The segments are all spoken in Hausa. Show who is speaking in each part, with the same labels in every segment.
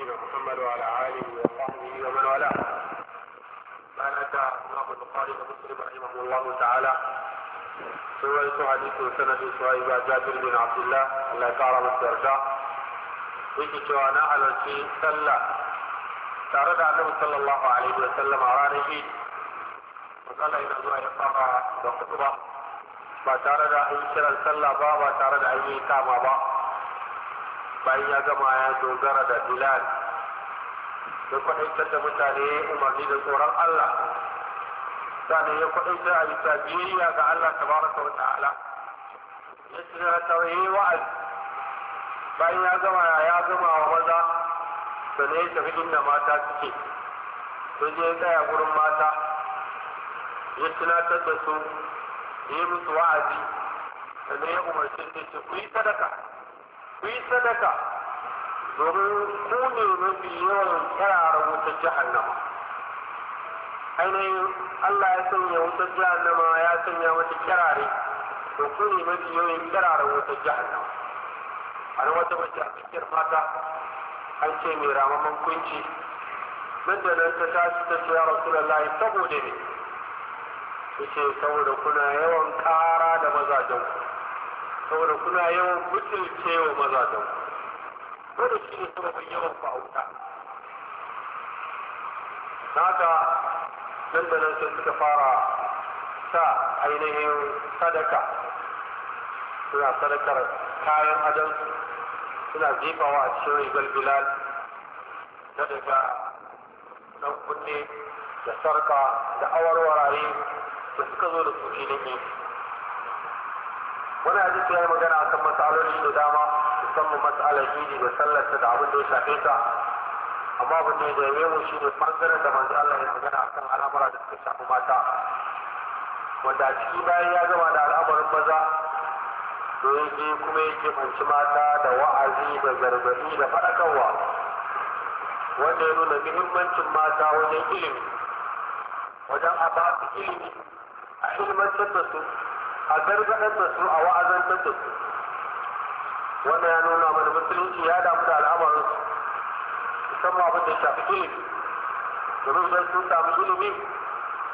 Speaker 1: نبينا محمد وعلى آله وصحبه ومن والاه قال أتى إمام البخاري ومسلم رحمه الله تعالى رواية حديث سند شعيب جابر بن عبد الله الله تعالى مسترجع ويجي جوانا على الشيء سلى تعرض عنه صلى الله عليه وسلم على نبي وقال إن الله يقرأ وخطبة ba ان da an kiran sallah ان ba tare da an yi kama ba bayan ya gama ya dogara da bilal ya kwaɗaitar da mutane umarni da tsoron allah sannan ya kwaɗaitar a bisa biyayya ga allah tabaraka wa ta'ala ya tsira tawaye wa'az bayan ya gama ya gama wa maza sannan ya tafi inda mata suke sai je ya tsaya gurin mata ya tunatar da su ya yi musu wa'azi sannan ya umarci su ku yi sadaka Kuyi yi sadaka domin ku ne mafi yawan kyara wutar jahannama ainihin Allah ya sanya wutar jahannama ya sanya mata kirare to ku ne mafi yawan kiraren wutar jahannama a na wata mace a cikin mata an ce mai ramaman kunci nan da nan ta tashi ta ce ya rasulallah saboda ne ce saboda kuna yawan kara da mazajen ku saboda kuna yawan mutunce wa mazajen wanda shi ne sababin yawan bauta ka nan da nan sai suka fara sa ainihin sadaka suna sadakar kayan adansu suna jefawa a cikin rigar bilal na daga ɗan kunne da sarka da awarwaraye da suka zo da su filin wani hadisi ya yi magana a kan matsalolin da dama musamman matsalar gidi da sallarta da abin da ya shafe ta amma abin da ya yi mu shi ne ɓangaren da manzo Allah ya magana a kan al'amura da suka shafi mata wanda a ciki bayan ya gama da al'amarin maza da ya je kuma ya kimanci mata da wa'azi da gargaɗi da faɗakarwa wanda ya nuna muhimmancin mata wajen ilimi wajen a ba su ilimi a ilimantar da su a gargaɗar da su a wa'azantar da su Wanda ya nuna mana musulunci ya damu da al'amarin su musamman abin da shafi ilimi domin idan sun samu ilimi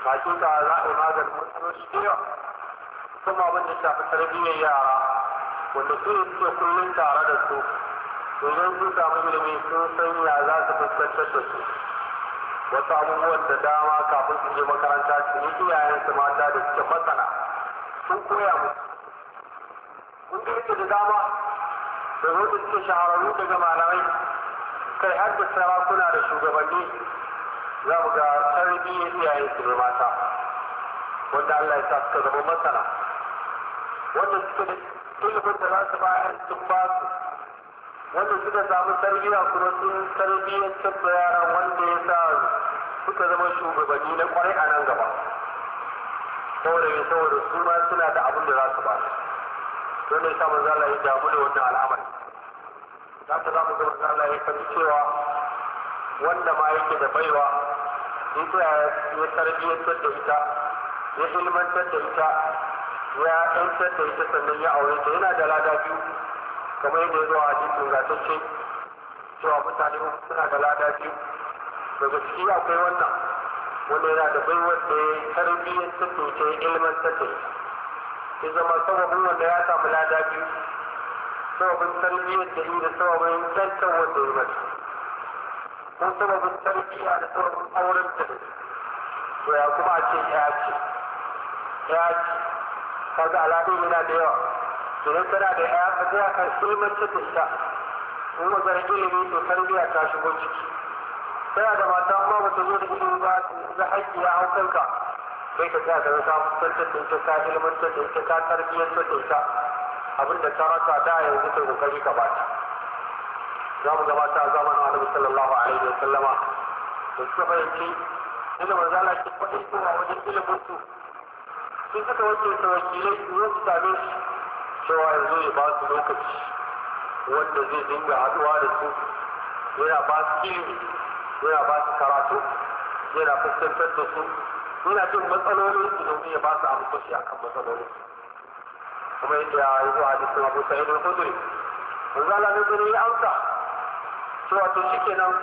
Speaker 1: ba za a yi maganin matsaloli da yawa musamman abin da shafi tarbiyyar yara wanda su ne suke kullum tare da su domin sun samu ilimi sun san ya za su fuskantar da su wasu abubuwan da dama kafin su je makaranta su yi iyayensu mata da suke masana sun koya mu kun ga yadda da dama da zo da suke shahararru daga malamai kai har da sarakuna da shugabanni za mu ga tarbiyyar iyaye su mata wanda Allah ya sa suka zama masana wanda suka da ilimin da za su bayar sun ba su wanda suka samu tarbiyya kuma sun tarbiyyar da yaran wanda ya sa suka zama shugabanni na kwarai a nan gaba. saboda saboda su ma suna da abin da za su ba su don ne sa manzo Allah ya damu da wannan al'amari ta za mu ga manzo Allah ya san cewa wanda ma yake da baiwa in ta ya tarbiyyantar da ita ya ilmantar da ita ya ɗantar da ita sannan ya aure ta yana da lada biyu kamar yadda ya zo a cikin gatacce cewa mutane suna da lada biyu daga ciki akwai wannan wanda yana da bai wanda ya tarbiyyar tattu ce ilimin tattu ya zama sababin wanda ya samu lada biyu sababin tarbiyyar da yi da sababin tantan wanda ya mata ko sababin tarbiyya da sababin auren da to ya kuma a ce ya ce ya ce kaga alaɗin yana da yawa domin tana da ya ka ga kan ilimin tattu ta in wajen ilimi to tarbiyya ta shigo ciki tana da mata amma ba ta zo da ido ba na yi ya hau kanka sai ka tsaya ganin ka fuskantar da ita ka ilmantar da ita ka tarbiyyantar da ita abinda ta rasa da yanzu ta kokari ka bata za mu gabata a zamanin annabi sallallahu alaihi wa sallama da suka fahimci inda manzo Allah ke faɗi kowa wajen ilimin su sun suka wace ta wakilai su zo su same shi cewa yanzu ya ba su lokaci wanda zai dinga haɗuwa da su yana ba su ilimi yana ba su karatu yana fuskantar da su yana jin matsalolin su domin ya ba su kashi a kan matsalolin kuma yadda ya yi zuwa jikin abu sai al-khudri manzo Allah ne gani ya amsa cewa to kenan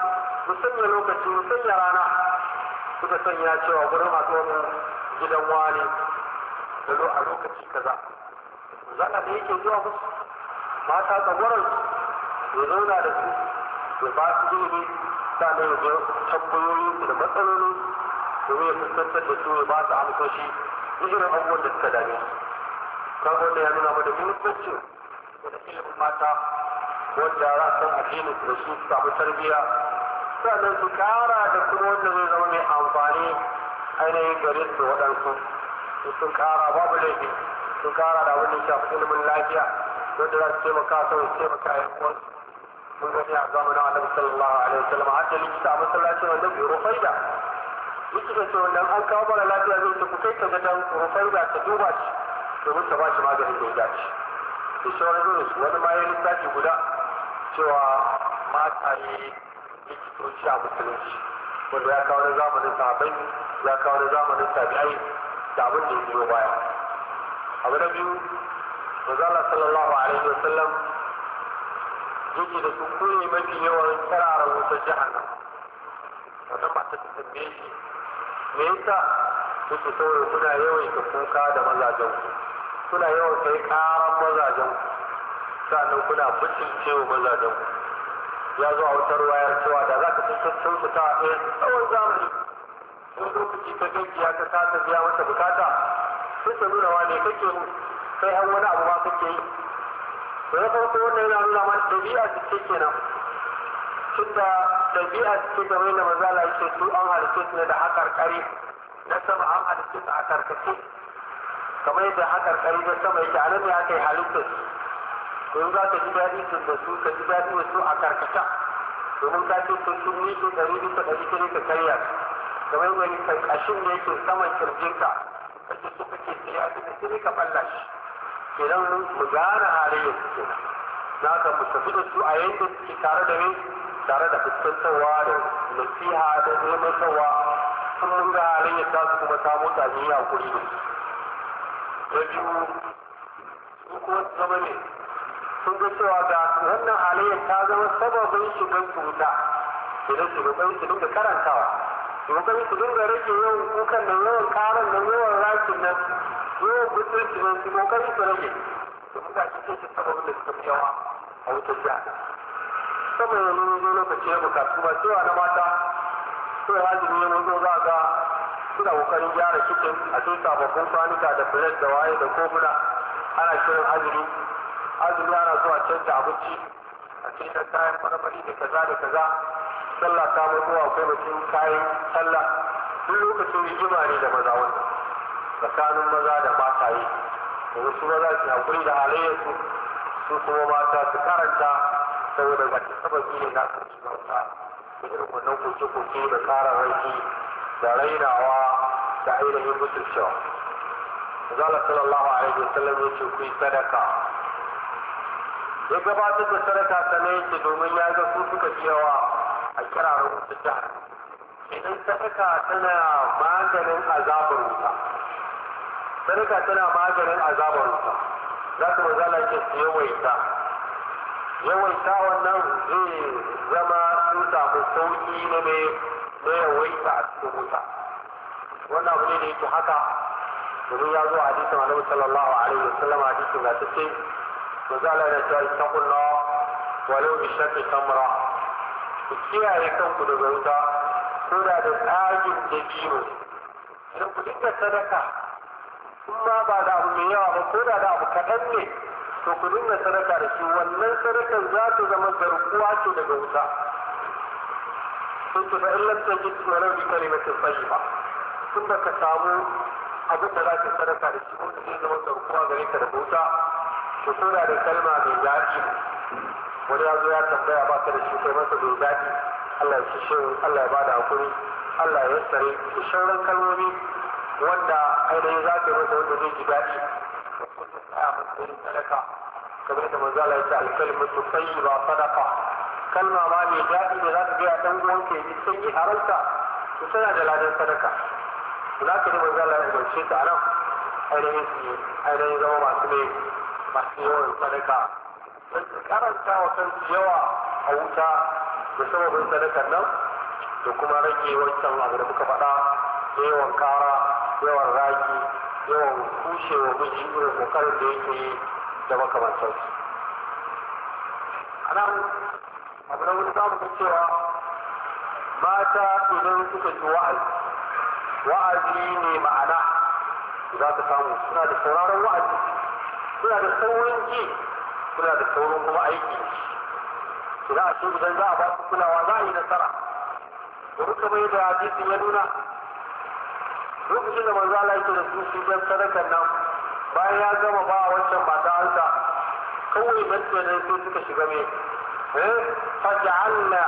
Speaker 1: mu sanya lokaci mu sanya rana suka sanya cewa gurin masu wani gidan wani da zo a lokaci kaza za Allah ne yake zuwa musu mata tsagwaron ya zauna da su ya ba su ilimi sannan ya biyo tambayoyi da matsaloli domin ya fuskantar da su ya ba su amsoshi irin abubuwan da suka dame su kan wanda ya nuna mana muhimmancin da ilimin mata wanda za san addinin da su samu tarbiyya sannan su kara da kuma wanda zai zama mai amfani ainihin gare su waɗansu sun kara babu laifi sun kara da abin da shafi ilimin lafiya wanda za su taimaka sau taimaka yan uwansu mun gani a zamanin annabi sallallahu alaihi wasallam har da likita a masallacin annabi rufaida likita ce wannan an kawo mara lafiya zai ta kusa ta gadon rufaida ta duba shi domin ta ba shi maganin da ya dace da shawar virus wani ma ya lissafi guda cewa mata ne likitoci a musulunci wanda ya kawo na zamanin sahabai ya kawo na zamanin tabi'ai da abin da ya biyo baya abu na biyu manzo Allah sallallahu alaihi wasallam yake da su ne mafi yawan tsarara wutar nan. wannan mata ta tambaye shi me yasa Kuke saurin kuna yawan ka kuka da mazajen ku kuna yawan kai karan mazajen ku sannan kuna cewa mazajen ku ya zo a wutar wayar cewa da za ka sassan su ta ɗaya tsawon zamani sun lokaci ta gajiya ta kasa biya mata bukata sun ta nuna ne kake mu sai an wani abu ma kake yi to na farko wannan yana nuna mana ɗabi'a ce kenan tunda ɗabi'a ce game da mazala yake su an halitta su ne da haƙarƙari na sama an halitta su a karkace kamar yadda haƙarƙari na sama yake a nan ne aka yi halitta su to in za ka ji daɗi da su ka ji daɗi da su a karkata domin ka ce sun sun miƙe ɗari bisa ɗari kiri ka karya kamar yadda ƙashin da yake saman kirjinka kake so kake siya da kiri ka balla shi kenan mu gane halayyar su kenan na ka mu tafi da su a yanda suke tare da ni tare da fuskantarwa da nasiha da ilmantarwa sun mun ga halayyar ta su kuma samu ta ni a kuri ne na biyu su kuma zama ne sun ga cewa ga wannan halayyar ta zama sababin shigar cuta idan su rukun su dinga karantawa rukun su dinga rage yawan kukan da yawan karan da yawan rakin nan yau mutunci nan su kokari su rage su buga cikin su taɓa wanda suka fi yawa a wutar jiha saboda yanzu zo lokaci ya bukatu ba cewa na mata sai hajjin ya zo za ga suna kokarin gyara cikin a cikin sababbin kwanuka da filet da waye da kofuna ana shirin azumi azumi ana zuwa canza abinci a cikin kayan marmari da kaza da kaza sallah ta mutuwa akwai mutum kayan sallah duk lokacin rigima ne da maza wannan tsakanin maza da mata yi domin su maza su haƙuri da halayyarsu su kuma mata su karanta saboda ba ta saba ne na su su bauta da irin wannan koke-koke da kararraki da rainawa da ainihin mutuncewa. Zala sallallahu alaihi wa sallam ya ce kuyi sadaka ya gabatar da sadaka ta na yake domin ya ga su suka fi yawa a kirarin wuta idan sadaka tana maganin azabar wuta sadaka tana maganin azabar wuta za ta mazala ce su yawaita yawaita wannan zai zama sun samu sauki na mai yawaita a cikin wuta wannan abu ne da yake haka domin ya zo a hadisin annabi sallallahu alaihi wasallam hadisin da take mazala da ta ta ittaqullah walau bi shakki tamra ku kiyaye kanku daga wuta ko da da tsagin dabino idan ku dinga sadaka in ma ba da abu mai yawa ba ko da da abu kaɗan ne to ku dinga sadaka da shi wannan sadaka za ta zama garkuwa ce daga wuta sun ce fa'in lantar jikin wani rikar ne mace fashi ba tun da ka samu abin da za ka sadaka da shi wanda zai zama garkuwa gare ka da wuta to ko da da kalma mai zaki wani ya zo ya tambaya ba ka da shi kai masa mai zaki Allah ya ci Allah ya bada hakuri Allah ya tsare da shauran kalmomi wanda ainihin za ta masa wanda zai ji daɗi da kullum tsaya matsayin sadaka kamar da manzala ya ce alkalmi su sayi ba kalma ma mai daɗi da za ta biya ɗan uwan ya ji sanyi a ranka to tana da ladan sadaka za ka ji manzala ya umarce ta a nan ainihin su ainihin zama masu ne masu yawan sadaka don karanta wa kansu yawa a wuta da sababin sadakar nan da kuma rage wancan abu da muka faɗa da yawan kara
Speaker 2: yawan ragi
Speaker 1: yawan kushewa miji irin kokarin da yake yi da makamantarsu a nan abu na wani samun ga cewa mata idan suka ji wa'azi wa'azi ne ma'ana za ka samu suna da sauraron wa'azi suna da saurin ji suna da saurin kuma aiki to za a shi idan za a ba su kulawa za a yi nasara domin kamar yadda hadisi ya nuna lokacin da manzo Allah ya tura su shi dan sadakar nan bayan ya gama ba wancan mata alta kawai manzo ne sai suka shiga me eh faj'alna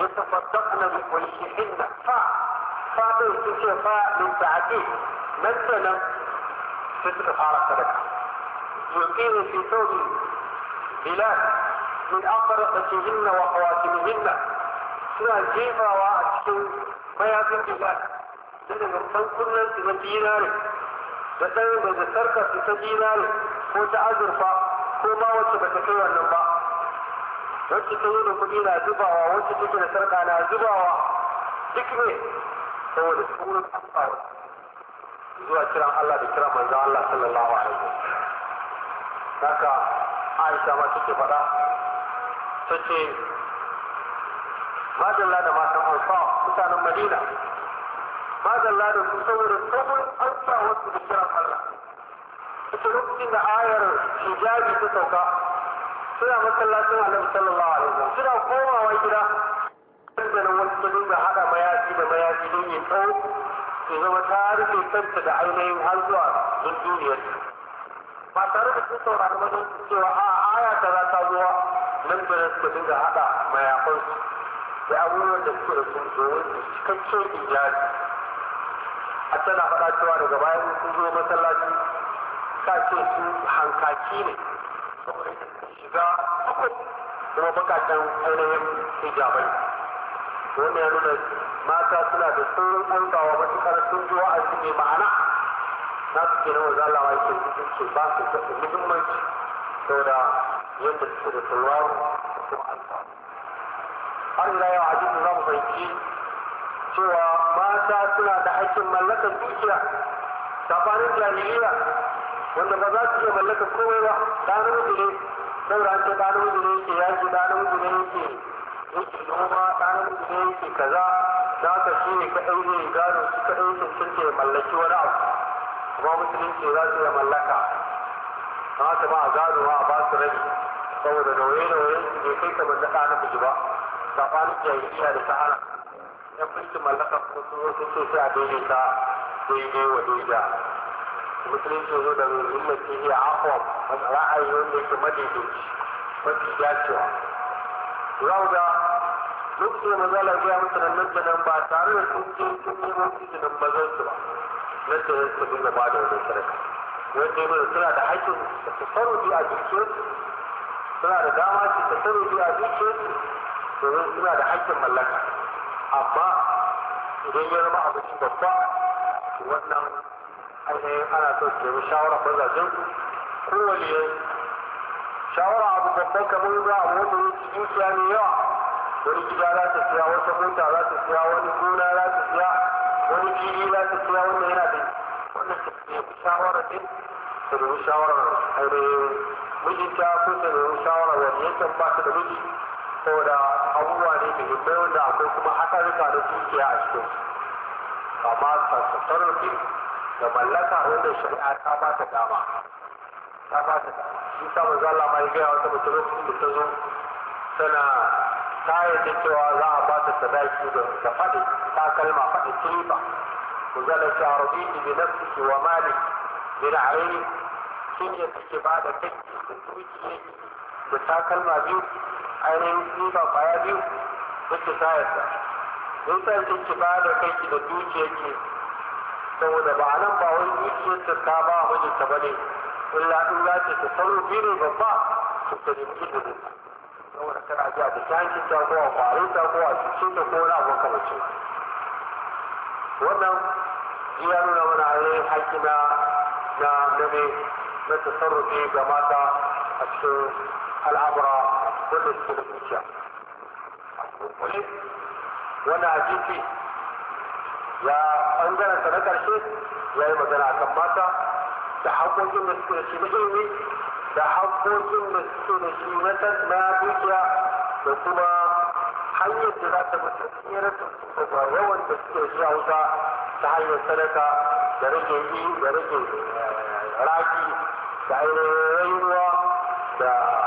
Speaker 1: yatafaddaqna bi wajhihinna fa fa din su ce fa min ta'ati manzo nan sai suka fara sadaka yuqinu fi sawti bilal min aqraqatihinna wa khawatimihinna suna jefawa a cikin mayafin bilal sai daga sankunan su na dinari da ɗaya daga sarkar su ta dinari ko ta azurfa ko ba wacce ba ta kai wannan ba wacce ta yi da kuɗi na zubawa wacce take da sarka na zubawa duk ne saboda tsoron kufawa zuwa kiran Allah da kiran manzon Allah sallallahu alaihi wasallam haka Aisha ma take faɗa tace madalla da matan alfa mutanen Madina madalla da su saboda sabon amsa wasu da shirar Allah ita lokacin da ayar hijabi ta sauka suna masallacin annabi sallallahu alaihi wasallam suna komawa gida da nan wasu ta dinga hada mayafi da mayafi don ya tsawo su zama ta rufe kanta da ainihin har zuwa don duniyar ba tare da sun saurari mazan cewa a aya ta za ta zuwa nan da nan su dinga hada mayafansu da abubuwan da suke da sun domin cikakken ijari A tana faɗa cewa daga bayan sun zo masallaci ka ce su hankaki ne shiga kuma bukatan ainihin hijabai wanda ya nuna mata suna da saurin ɗaukawa matukar sun ji wa'azi mai ma'ana na su ke nawa zalawa ke ce ba su da muhimmanci saboda yadda suke da sauraro kuma alfa har ila yau hadisin za mu fahimci cewa mata suna da haƙƙin mallakar dukiya safanin jami'iyya wanda ba za su iya mallaka komai ba ɗanar mijini saboda an ce ɗanar ya ke yaji ɗanar mijini ke yake noma ɗanar mijini ke kaza za ka shi ne ɗauke zai gano shi kaɗai cancanta ya mallaki wani abu kuma musulunci za su iya mallaka na ta ba a gano a ba su rai saboda nauyi-nauyi su bai kai kamar na ɗanar miji ba safanin jami'iyya da sahara ya fushi mallakar wasu sosai a daidaita daidai wa daida musulunci zo da zuwa fiye a akwam wani ra'ayi wanda yake madaidaici mafi dacewa rauda lokacin da zala biya musu nan nan nan ba tare da sun ce sun yi wasu jinin mazan su ba nan da yansu dinga ba da wani sarka wanda ya suna da haƙƙin da tasarrufi a dukiyarsu suna da dama su tasarrufi a dukiyarsu domin suna da haƙƙin mallaka amma idan ya zama abinci babba wannan ainihin ana son su nemi shawara mazajen kowane ya shawara abu babban kamar za a wanda ya ci dukiya ne yawa wani gida za ta siya wata mota za ta siya wani gona za ta siya wani fili za ta siya wanda yana da wannan ta shawara ne ta nemi shawara ainihin mijinta ko ta nemi shawara wani yankan ba ta da miji saboda abubuwa ne da himmai wanda akwai kuma hatsarika da dukiya a cikin amma tasarrufi da mallaka wanda shari'a ta ba ta dama ta ba ta dama shi sa manzo Allah ma ya gaya wata mutum da ta zo tana ta yarda cewa za a ba ta sadaki da faɗi ta kalma faɗi tilifa manzo Allah ya rabi bi nafsihi wa mali bi ra'ayi sun yi take ba da kai da dukiya da takalma biyu ainihin tsiba kwaya biyu istifayarsa in sai istifa da kai da dukiyar ke saboda ba nan ba wani dukiyar ta ta ba mijinta ba ne illa in za ta ta sauro biyu babba ta nemi izinin saboda kana ji a bishankin ta ko a kwarin ta ko a cikin ta ko wani abu kamacin wannan ya nuna mana ainihin haƙƙi na na na tasarrufi ga mata a cikin al'amura wanda suke da zuciya kuli wannan hadisi ya ɓangaren sa na ƙarshe ya yi magana a kan mata da haƙoƙin da suke da shi na ilimi da haƙoƙin da suke da shi na dukiya da kuma hanyar da za ta mutu tsirar da yawan da suke shi a wuta ta hanyar sadaka da rage yi da rage raki da ainihin rayuwa da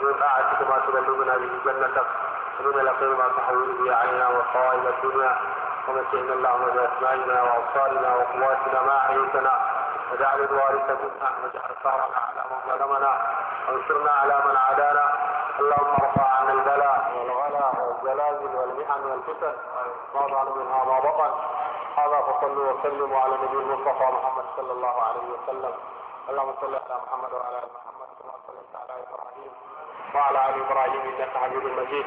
Speaker 1: ومنفعتك ما تبلغنا به جنتك ومن اليقين ما تحول به علينا وصائب الدنيا ومتعنا اللهم باسمائنا وابصارنا وقواتنا ما احييتنا وجعل الوارث منا واجعل ثارنا على من ظلمنا وانصرنا على من عادانا اللهم ارفع عنا البلاء والغلا والزلازل والمحن والفتن ما ظهر منها ما بطن هذا فصلوا وسلموا على نبي المصطفى محمد صلى الله عليه وسلم اللهم صل على محمد وعلى ال محمد على ابراهيم وعلى ال ابراهيم انك حميد مجيد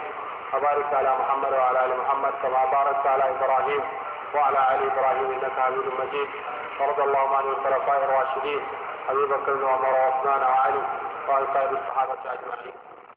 Speaker 1: وبارك على محمد وعلى ال محمد كما باركت على ابراهيم وعلى ال ابراهيم انك حميد مجيد وارض اللهم عن الخلفاء الراشدين ابي بكر وعمر وعثمان وعلي وعن سائر الصحابه اجمعين